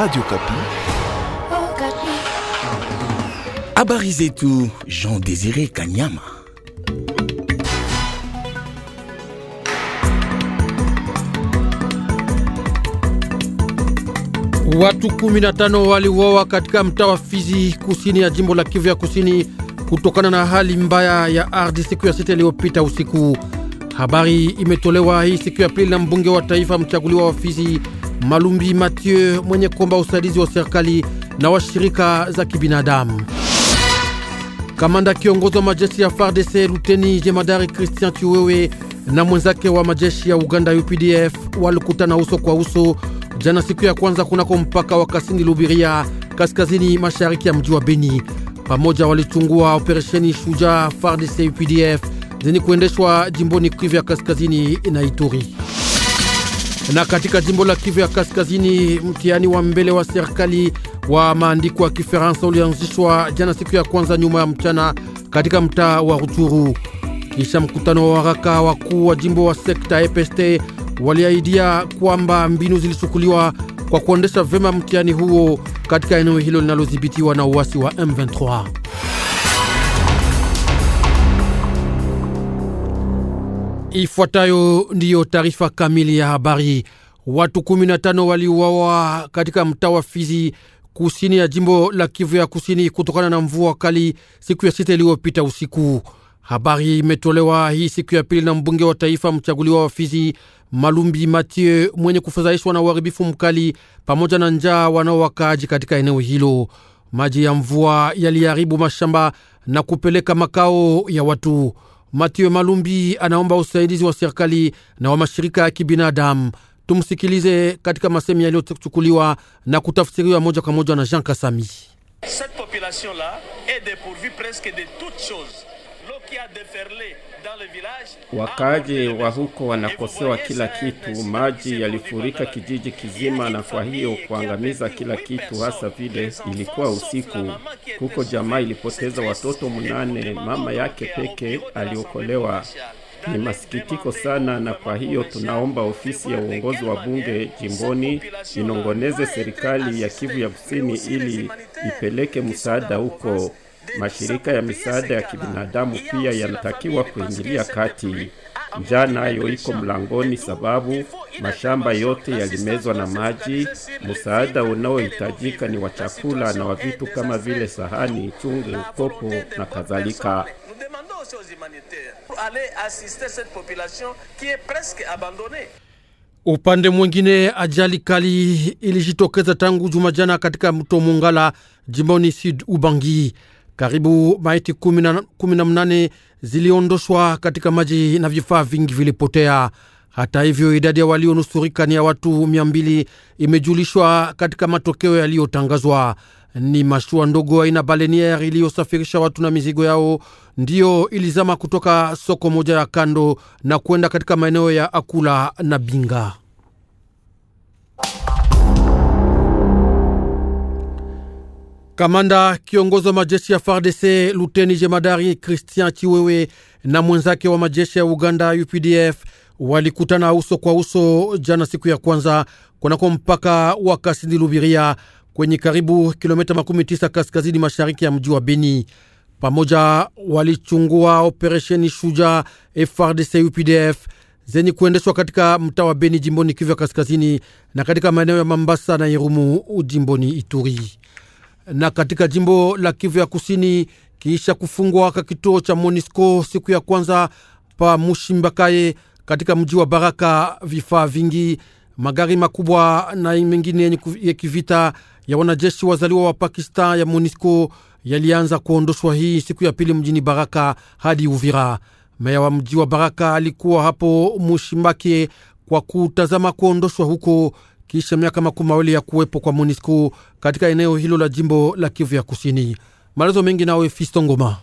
Radio Kapi. Habari zetu Jean Désiré Kanyama. Watu 15 waliuawa katika mtaa wa Fizi kusini ya jimbo la Kivu ya Kusini kutokana na hali mbaya ya ardhi siku ya sita iliyopita usiku. Habari imetolewa hii siku ya pili na mbunge wa taifa mchaguliwa wa Fizi Malumbi Mathieu mwenye kuomba usaidizi wa serikali na washirika za kibinadamu. Kamanda kiongozi wa majeshi ya FARDC Luteni Jemadari Christian Chiwewe na mwenzake wa majeshi ya Uganda UPDF walikutana uso kwa uso jana siku ya kwanza kunako mpaka wa Kasindi Lubiria kaskazini mashariki ya mji wa Beni. Pamoja walichungua operesheni Shujaa FARDC UPDF zenye kuendeshwa jimboni Kivu ya kaskazini na Ituri. Na katika jimbo la Kivu ya Kaskazini, mtihani wa mbele wa serikali wa maandiko ya Kifaransa ulianzishwa jana siku ya kwanza nyuma ya mchana katika mtaa wa Ruchuru. Kisha mkutano wa waraka wakuu wa jimbo wa sekta EPST waliahidia kwamba mbinu zilichukuliwa kwa kuendesha vema mtihani huo katika eneo hilo linalodhibitiwa na uasi wa M23. Ifuatayo ndiyo taarifa kamili ya habari. Watu 15 waliuawa katika mtaa wa Fizi kusini ya jimbo la Kivu ya kusini kutokana na mvua kali siku ya sita iliyopita usiku. Habari imetolewa hii siku ya pili na mbunge wa taifa mchaguliwa wa Fizi Malumbi Mathieu mwenye kufadhaishwa na uharibifu mkali pamoja na njaa wanaowakaaji katika eneo hilo. Maji ya mvua yaliharibu mashamba na kupeleka makao ya watu. Mathieu Malumbi anaomba usaidizi wa serikali na wa mashirika ya kibinadamu. Tumsikilize katika masemi yaliyochukuliwa na kutafsiriwa moja kwa moja na Jean Kasami. Cette population là est dépourvue presque de toute chose. L'eau qui a déferlé Wakaaji wa huko wanakosewa kila kitu. Maji yalifurika kijiji kizima, na kwa hiyo kuangamiza kila kitu, hasa vile ilikuwa usiku. Huko jamaa ilipoteza watoto mnane, mama yake peke aliokolewa. Ni masikitiko sana, na kwa hiyo tunaomba ofisi ya uongozi wa bunge jimboni inongoneze serikali ya Kivu ya Kusini ili ipeleke msaada huko. Mashirika ya misaada ya kibinadamu pia yanatakiwa kuingilia kati. Njaa nayo iko mlangoni, sababu mashamba yote yalimezwa na maji. Msaada unaohitajika ni wa chakula na wa vitu kama vile sahani, chungu kopo na kadhalika. Upande mwingine, ajali kali ilijitokeza tangu Jumajana katika mto Mungala jimboni Sud Ubangi. Karibu maiti kumi na mnane ziliondoshwa katika maji na vifaa vingi vilipotea. Hata hivyo idadi ya walionusurika ni ya watu mia mbili imejulishwa katika matokeo yaliyotangazwa. Ni mashua ndogo aina baleniere iliyosafirisha watu na mizigo yao ndiyo ilizama kutoka soko moja ya kando na kwenda katika maeneo ya Akula na Binga. Kamanda kiongozi wa majeshi ya FARDC luteni jemadari Christian Chiwewe na mwenzake wa majeshi ya Uganda UPDF walikutana uso kwa uso jana siku ya kwanza kunako mpaka wa Kasindi Lubiria kwenye karibu kilomita makumi tisa kaskazini mashariki ya mji wa Beni. Pamoja walichungua operesheni Shuja FARDC UPDF zenye kuendeshwa katika mtaa wa Beni jimboni Kivu ya kaskazini na katika maeneo ya Mambasa na Irumu jimboni Ituri na katika jimbo la Kivu ya Kusini kisha kufungwa kwa kituo cha Monisco siku ya kwanza pa Mushimbakaye katika mji wa Baraka, vifaa vingi, magari makubwa na mengine ya kivita ya wanajeshi wazaliwa wa Pakistan ya Monisco yalianza kuondoshwa hii siku ya pili mjini Baraka hadi Uvira. Meya wa mji wa Baraka alikuwa hapo Mushimbake kwa kutazama kuondoshwa huko kisha miaka makumi mawili ya kuwepo kwa MONUSCO katika eneo hilo la jimbo la Kivu ya Kusini. Maelezo mengi nawe Fisto Ngoma.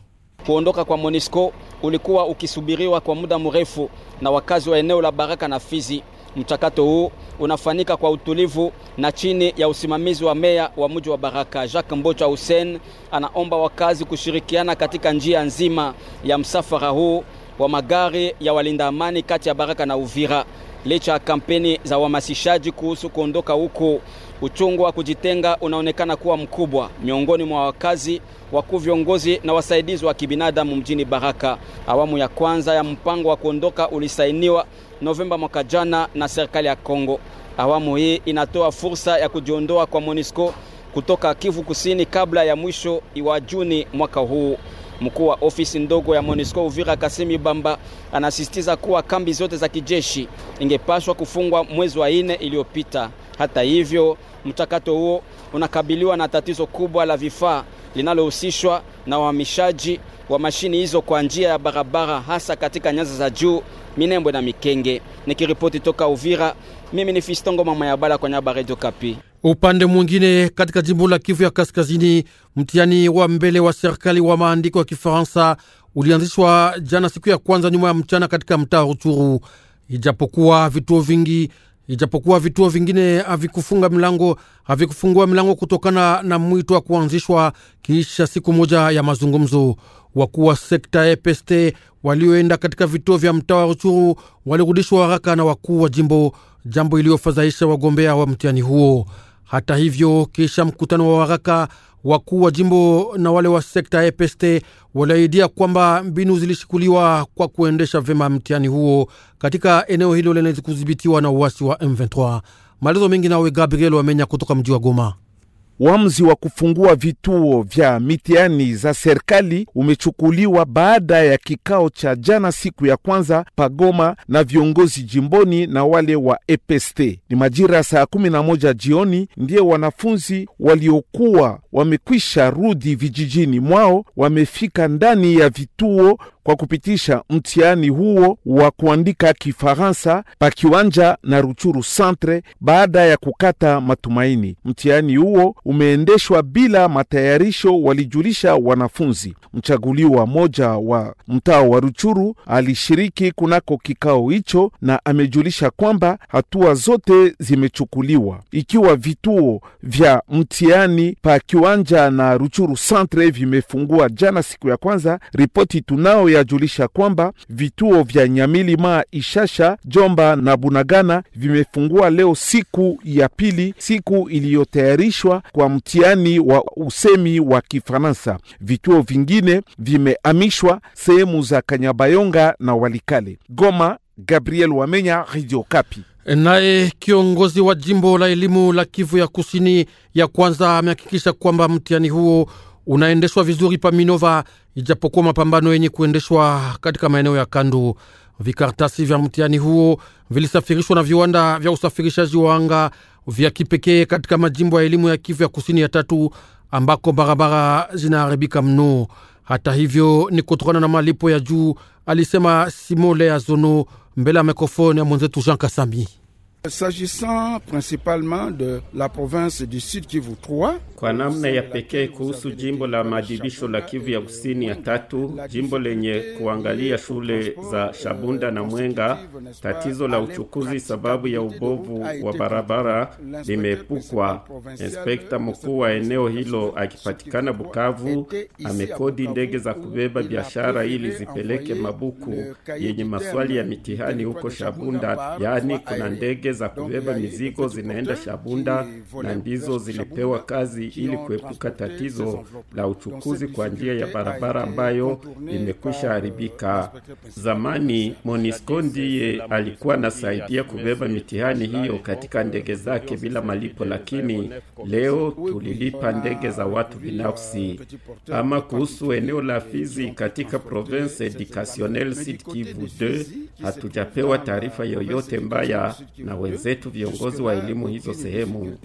Kuondoka kwa MONUSCO ulikuwa ukisubiriwa kwa muda mrefu na wakazi wa eneo la Baraka na Fizi. Mchakato huu unafanyika kwa utulivu na chini ya usimamizi wa meya wa mji wa Baraka, Jacques Mbocha Hussein. Anaomba wakazi kushirikiana katika njia nzima ya msafara huu wa magari ya walinda amani kati ya Baraka na Uvira licha ya kampeni za uhamasishaji kuhusu kuondoka huko. Uchungu wa kujitenga unaonekana kuwa mkubwa miongoni mwa wakazi, wakuu, viongozi na wasaidizi wa kibinadamu mjini Baraka. Awamu ya kwanza ya mpango wa kuondoka ulisainiwa Novemba mwaka jana na serikali ya Kongo. Awamu hii inatoa fursa ya kujiondoa kwa MONUSCO kutoka Kivu Kusini kabla ya mwisho wa Juni mwaka huu. Mkuu wa ofisi ndogo ya monisco Uvira, Kasimi Bamba, anasisitiza kuwa kambi zote za kijeshi ingepaswa kufungwa mwezi wa nne iliyopita. Hata hivyo, mchakato huo unakabiliwa na tatizo kubwa la vifaa linalohusishwa na uhamishaji wa mashini hizo kwa njia ya barabara, hasa katika nyanza za juu Minembwe na Mikenge. Nikiripoti toka Uvira, mimi ni Fistongo mama ya bala kwa nyaba Radio Kapi. Upande mwingine katika jimbo la Kivu ya Kaskazini, mtihani wa mbele wa serikali wa maandiko ya Kifaransa ulianzishwa jana siku ya kwanza nyuma ya mchana katika mtaa Ruchuru, ijapokuwa vituo vingi ijapokuwa vituo vingine havikufunga milango havikufungua milango kutokana na mwito wa kuanzishwa kisha siku moja ya mazungumzo. Wakuu wa sekta EPST walioenda katika vituo vya mtaa wa Ruchuru walirudishwa haraka na wakuu wa jimbo, jambo iliyofadhaisha wagombea wa mtihani huo. Hata hivyo, kisha mkutano wa waraka, wakuu wa jimbo na wale wa sekta ya peste waliahidia kwamba mbinu zilishikuliwa kwa kuendesha vyema mtihani huo katika eneo hilo lenye kudhibitiwa na uasi wa M23. Maelezo mengi nawe Gabriel Wamenya kutoka mji wa Goma. Uamuzi wa kufungua vituo vya mitihani za serikali umechukuliwa baada ya kikao cha jana siku ya kwanza pagoma na viongozi jimboni na wale wa EPST. Ni majira saa kumi na moja jioni ndiye wanafunzi waliokuwa wamekwisha rudi vijijini mwao wamefika ndani ya vituo kwa kupitisha mtihani huo wa kuandika Kifaransa pa kiwanja na Ruchuru Centre baada ya kukata matumaini. Mtihani huo umeendeshwa bila matayarisho, walijulisha wanafunzi. Mchaguliwa moja wa mtaa wa Ruchuru alishiriki kunako kikao hicho na amejulisha kwamba hatua zote zimechukuliwa, ikiwa vituo vya mtihani pa kiwanja na Ruchuru Centre vimefungua jana siku ya kwanza. Ripoti tunao ya yajulisha kwamba vituo vya Nyamilima, Ishasha, Jomba na Bunagana vimefungua leo siku ya pili, siku iliyotayarishwa kwa mtihani wa usemi wa Kifaransa. Vituo vingine vimehamishwa sehemu za Kanyabayonga na Walikale. Goma, Gabriel Wamenya, Radio Kapi. Naye kiongozi wa jimbo la elimu la Kivu ya Kusini ya kwanza amehakikisha kwamba mtihani huo unaendeshwa vizuri pa Minova, ijapokuwa mapambano yenye kuendeshwa katika maeneo ya kando. Vikaratasi vya mtihani huo vilisafirishwa na viwanda vya usafirishaji wa anga vya kipekee katika majimbo ya elimu ya Kivu ya kusini ya tatu, ambako barabara zinaharibika mno. Hata hivyo ni kutokana na malipo ya juu, alisema Simole Azono mbele ya mikrofoni ya mwenzetu Jean Kasami. S'agissant principalement de la province du Sud Kivu 3, kwa namna ya pekee kuhusu jimbo la maadibisho la Kivu ya kusini ya tatu, jimbo lenye kuangalia shule za Shabunda na Mwenga, tatizo la uchukuzi sababu ya ubovu wa barabara limeepukwa. Inspekta mkuu wa eneo hilo akipatikana Bukavu amekodi ndege za kubeba biashara ili zipeleke mabuku yenye maswali ya mitihani huko Shabunda, yaani kuna ndege za kubeba mizigo zinaenda Shabunda na ndizo zilipewa kazi ili kuepuka tatizo la uchukuzi kwa njia ya barabara ambayo imekwisha euh, haribika. Zamani Monisco ndiye alikuwa anasaidia kubeba mitihani hiyo katika ndege euh, zake bila malipo, lakini leo tulilipa ndege za watu binafsi. Euh, Ama kuhusu eneo la Fizi katika Province Educationnelle Sud Kivu 2 hatujapewa taarifa yoyote mbaya na wenzetu viongozi wa elimu hizo sehemu.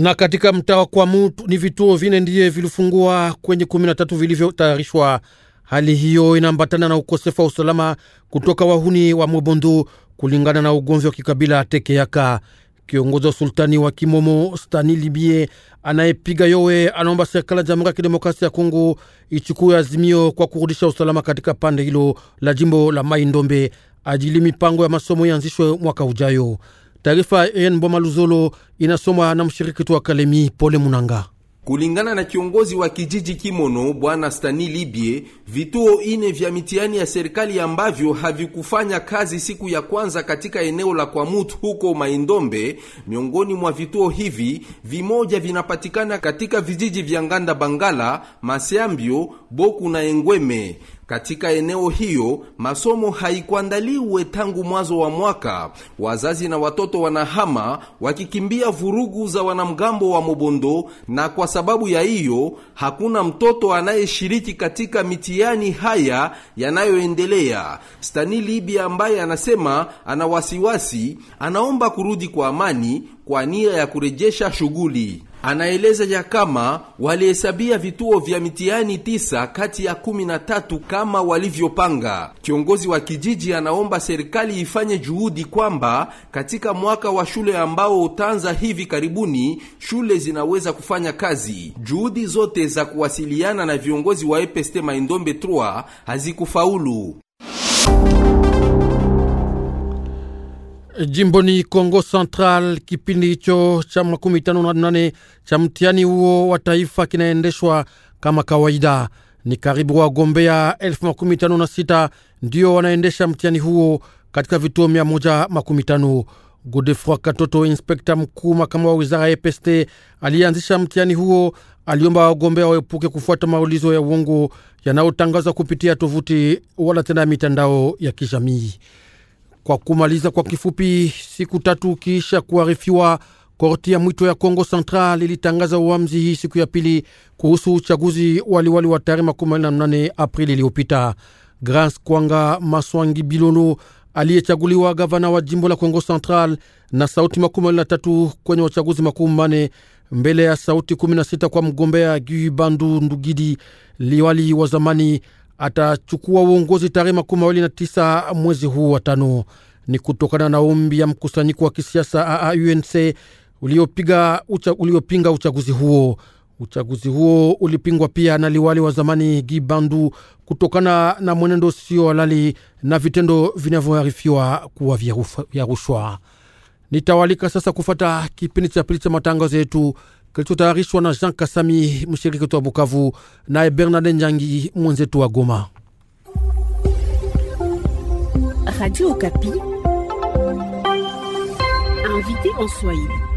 Na katika mtaa wa mutu ni vituo vine ndiye vilifungua kwenye kumi na tatu vilivyotayarishwa. Hali hiyo inaambatana na ukosefu wa usalama kutoka wahuni wa Mobondu kulingana na ugomvi wa kikabila tekeaka Kiongozi wa sultani wa Kimomo Stani Libie anayepiga yowe anaomba serikali ya Jamhuri ya Kidemokrasia ya Kongo ichukue azimio kwa kurudisha usalama katika pande hilo la jimbo la Mai Ndombe ajili mipango ya masomo ianzishwe mwaka ujayo. Taarifa ya Boma Luzolo inasomwa na mshiriki tu wa Kalemi Pole Munanga. Kulingana na kiongozi wa kijiji Kimono bwana Stani Libye, vituo ine vya mitihani ya serikali ambavyo havikufanya kazi siku ya kwanza katika eneo la Kwamut huko Maindombe. Miongoni mwa vituo hivi vimoja vinapatikana katika vijiji vya Nganda Bangala, Maseambio, Boku na Engweme. Katika eneo hiyo masomo haikuandaliwe tangu mwanzo wa mwaka. Wazazi na watoto wanahama wakikimbia vurugu za wanamgambo wa Mobondo, na kwa sababu ya hiyo hakuna mtoto anayeshiriki katika mitihani haya yanayoendelea. Stani Libia ambaye anasema ana wasiwasi, anaomba kurudi kwa amani kwa nia ya kurejesha shughuli anaeleza ya kama walihesabia vituo vya mitihani tisa kati ya kumi na tatu kama walivyopanga. Kiongozi wa kijiji anaomba serikali ifanye juhudi kwamba katika mwaka wa shule ambao utaanza hivi karibuni, shule zinaweza kufanya kazi. Juhudi zote za kuwasiliana na viongozi wa EPST Maindombe 3 hazikufaulu. Jimboni Kongo Central, kipindi hicho cha makumi tano na nane cha mtihani huo wa taifa kinaendeshwa kama kawaida. Ni karibu wagombea elfu makumi tano na sita ndio wanaendesha mtihani huo katika vituo mia moja makumi tano. Godefroi Katoto, inspekta mkuu makama wa wizara ya peste aliyeanzisha mtihani huo, aliomba wagombea waepuke kufuata maulizo ya uongo yanayotangazwa kupitia tovuti wala tena mitandao ya kijamii. Kwa kumaliza kwa kifupi, siku tatu kisha kuarifiwa, korti ya mwito ya Kongo Central ilitangaza uamuzi hii siku ya pili kuhusu uchaguzi waliwali wa tarehe 28 Aprili iliyopita. Grance Kwanga Maswangi Bilolo aliyechaguliwa gavana wa jimbo la Kongo Central na sauti makumi mawili na tatu kwenye wachaguzi makumi mane mbele ya sauti 16 kwa mgombea Gui Bandu Ndugidi, liwali wa zamani atachukua uongozi tarehe makumi mawili na tisa mwezi huu wa tano. Ni kutokana na ombi ya mkusanyiko wa kisiasa AAUNC uliopinga ucha, uliopinga uchaguzi huo. Uchaguzi huo ulipingwa pia na liwali wa zamani Gibandu kutokana na mwenendo usio halali na vitendo vinavyoarifiwa kuwa vya rushwa. Nitawalika sasa kufata kipindi cha pili cha matangazo yetu. kilichotayarishwa na Jean Kasami, mshiriki wetu wa Bukavu, naye Bernard Njangi, mwenzetu wa Goma. Radio Okapi, invité en Swahili.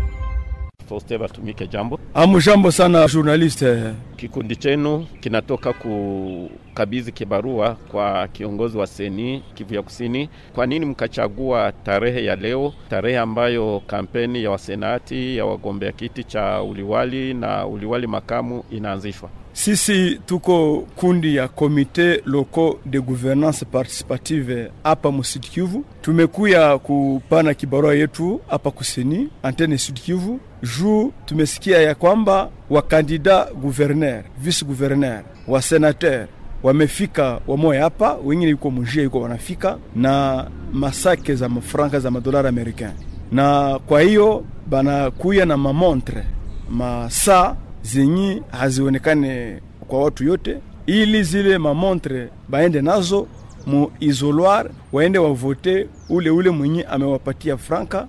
Faustin Batumike, jambo. Amjambo sana journaliste. Kikundi chenu kinatoka kukabidhi kibarua kwa kiongozi wa seni Kivu ya Kusini. Kwa nini mkachagua tarehe ya leo, tarehe ambayo kampeni ya wasenati ya wagombea kiti cha uliwali na uliwali makamu inaanzishwa? Sisi tuko kundi ya Komite Loko de Gouvernance Participative hapa Musud Kivu. Tumekuya kupana kibarua yetu hapa kusini antene Sud Kivu juu tumesikia ya kwamba wakandida guverner, vice guverner, wasenater wamefika wamoya hapa, wengine yuko munjia yuko wanafika na masake za mafranka za madolari amerikani, na kwa hiyo banakuya na mamontre masaa zenyi hazionekane kwa watu yote, ili zile mamontre baende nazo mu isoloir, waende wavote ule ule mwenye amewapatia franka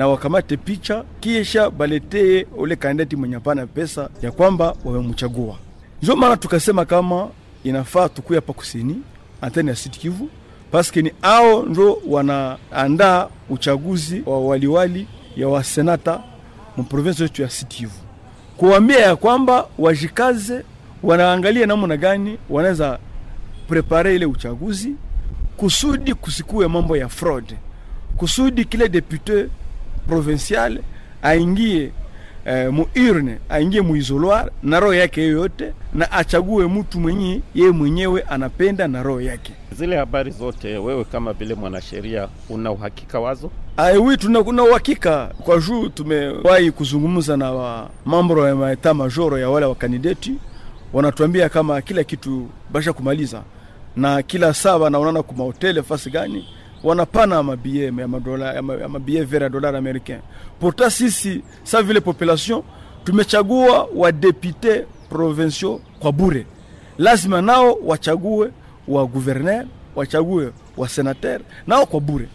na wakamate picha kisha baletee ule kandidati mwenye pana pesa ya kwamba wamemchagua. Njo maana tukasema kama inafaa tukuya hapa kusini antene ya Sud Kivu paske ni ao njo wanaandaa uchaguzi wa waliwali ya wasenata muprovensi yetu ya Sud Kivu, kuwambia ya kwamba wajikaze, wanaangalia namna gani wanaweza prepare ile uchaguzi kusudi kusikuwe mambo ya fraud, kusudi kile depute provincial aingie eh, muurne aingie muisoloir na roho yake yoyote, na achague mtu mwenye yeye mwenyewe anapenda na roho yake. Zile habari zote, wewe kama vile mwanasheria, una uhakika wazo? tuna kuna uhakika kwa juu tumewahi kuzungumza na wa mambo ya maeta majoro ya wale wakandideti, wanatuambia kama kila kitu basha kumaliza na kila saa wanaonana kumahotele fasi gani wanapana mabie ya madola, ya mabie vera ya americain. Pourtant sisi sa vile population tumechagua député provincial kwa bure, lazima nao wachague wa guverner, wachague wa senater nao kwa bure.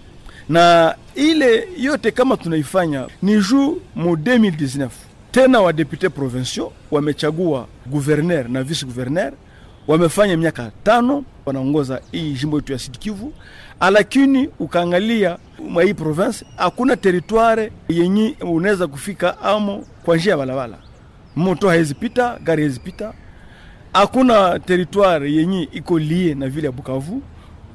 Na ile yote kama tunaifanya ni juu mu 2019 tena wa député provincial wamechagua guverner na vice gouverneur wamefanya miaka tano wanaongoza hii jimbo yetu ya Sud Kivu, lakini ukaangalia mwa hii province hakuna teritware yenye unaweza kufika amo kwa njia ya balabala, moto hawezi pita, gari hawezi pita, hakuna teritware yenye iko lie na vile ya Bukavu.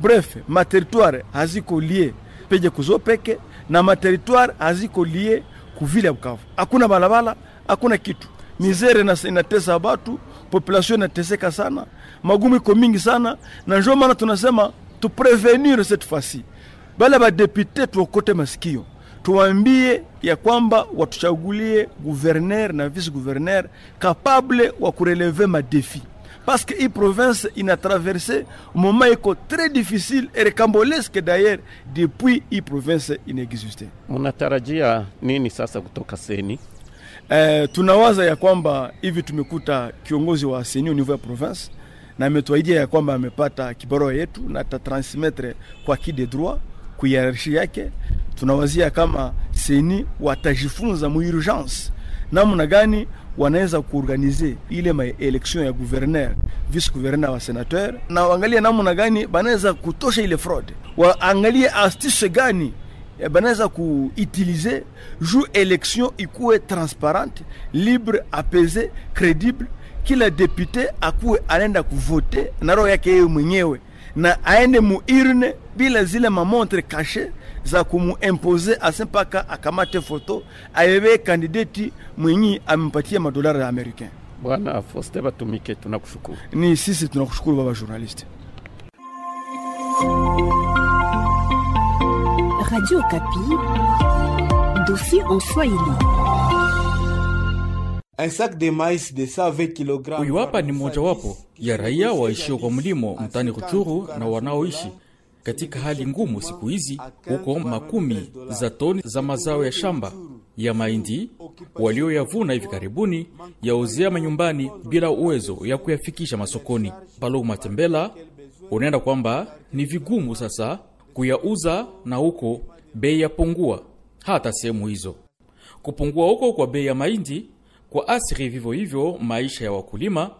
Bref, materitware haziko lie peje kuzo peke na materitware haziko lie kuvile ya Bukavu, hakuna balabala, hakuna kitu, mizere inatesa batu population inateseka sana, magumu iko mingi sana, na njo maana tunasema tuprevenir cette fasi bale badepute tuokote masikio tuwambie ya kwamba watuchagulie guverner na vice guverner kapable wa kureleve madefi parce que hii province inatraverse moment iko très difficile et recambolesque d'ailleurs depuis i province inexiste. Munatarajia nini sasa kutoka seni? Eh, tunawaza ya kwamba hivi tumekuta kiongozi wa seni niveau ya province na ametuahidia ya kwamba amepata kibarua yetu na atatransmettre kwa ki de droit ku hierarchie yake. Tunawazia kama seni watajifunza mu urgence namna gani wanaweza kuorganize ile election ya gouverneur, vice gouverneur wa senateur, na waangalie namna gani banaweza kutosha ile fraud, waangalie astise gani ku eh ben, utiliser juu élection ikuwe transparente, libre, apese, credible. Kila depute akuwe anaenda kuvote na roho yake yeye mwenyewe na aende muirne bila zile mamontre kashe za kumuimpose ase mpaka akamate photo ayebe kandideti mwenyi amempatia madolari ya américain Bwana Foste Batumike, tunakushukuru. Ni sisi tunakushukuru baba journaliste. Radio Kapi, dossier en Swahili. Huyu hapa ni mojawapo ya raia waishio kwa mlimo mtani Ruchuru na wanaoishi katika hali ngumu siku hizi huko, makumi za toni za mazao ya shamba ya mahindi walioyavuna hivi karibuni yauzia manyumbani bila uwezo ya kuyafikisha masokoni. Palo umatembela unaenda kwamba ni vigumu sasa kuyauza na huko bei yapungua. Hata sehemu hizo kupungua huko kwa bei ya mahindi kwa asiri vivyo hivyo maisha ya wakulima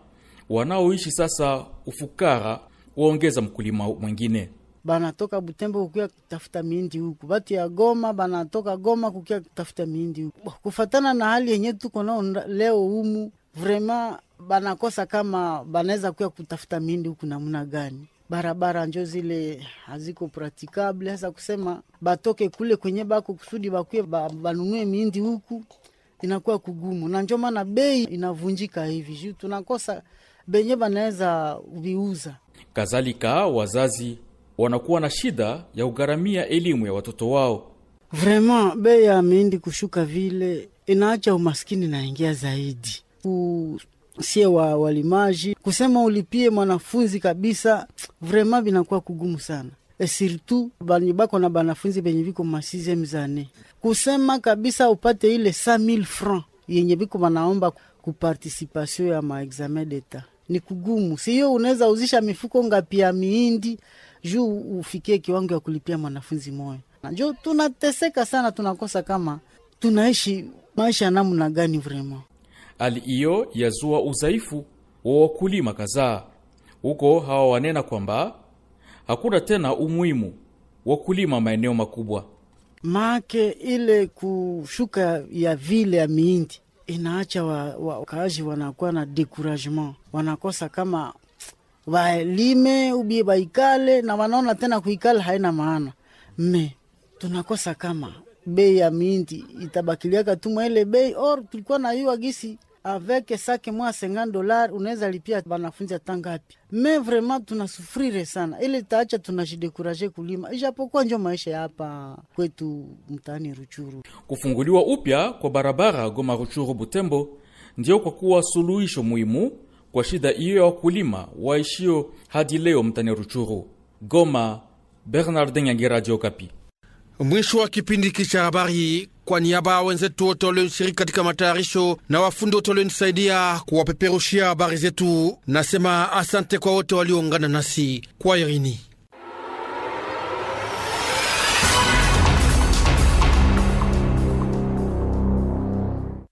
wanaoishi sasa ufukara waongeza mkulima mwingine banatoka Butembo kukia kutafuta mihindi huku, batu ya Goma banatoka Goma kukia kutafuta mihindi huku. Kufatana na hali yenye tuko nao leo humu, vrema banakosa kama banaweza kuya kutafuta mihindi huku namna gani? barabara njo zile haziko pratikable hasa kusema batoke kule kwenye bako kusudi bakuye ba, banunue miindi huku inakuwa kugumu, na njo maana bei inavunjika hivi juu tunakosa benye banaweza viuza. Kadhalika wazazi wanakuwa na shida ya kugharamia elimu ya watoto wao. Vrema bei ya miindi kushuka vile inaacha umaskini naingia zaidi U sie wa walimaji kusema ulipie mwanafunzi kabisa, vrema vinakuwa kugumu sana e surtout banye bako na banafunzi benye viko masizem zane, kusema kabisa upate ile 5000 francs yenye viko banaomba kupartisipation ya maexamen d'etat ni kugumu, siyo? Unaweza uzisha mifuko ngapi ya miindi juu ufikie kiwango ya kulipia mwanafunzi moyo? Najo tunateseka sana, tunakosa kama tunaishi maisha namna gani vrema hali hiyo yazua udhaifu wa wakulima kadhaa. Huko hawa wanena kwamba hakuna tena umuhimu wa kulima maeneo makubwa, make ile kushuka ya vile ya miindi inaacha wakaaji wa, wanakuwa na decouragement, wanakosa kama walime ubie baikale na wanaona tena kuikala haina maana. Me tunakosa kama bei ya miindi itabakiliaka tumwa ile bei or tulikuwa na hiyo agisi avec saki mwa 50 dollars unaweza lipia banafunzi hata ngapi? Me vraiment tunasufrire sana, ile taacha tunajidekuraje kulima, ijapokuwa njo maisha hapa kwetu mtaani Ruchuru. Kufunguliwa upya kwa barabara Goma Ruchuru Butembo ndio kwa kuwa suluhisho muhimu kwa shida hiyo ya wakulima waishio hadi leo mtaani Ruchuru. Goma, Bernardin Yangi, Radio Kapi. Mwisho wa kipindi kicha habari kwa niaba ya wenzetu wote walioshiriki katika matayarisho na wafundi wote walionisaidia kuwapeperushia habari zetu, nasema asante kwa wote walioungana nasi kwa irini.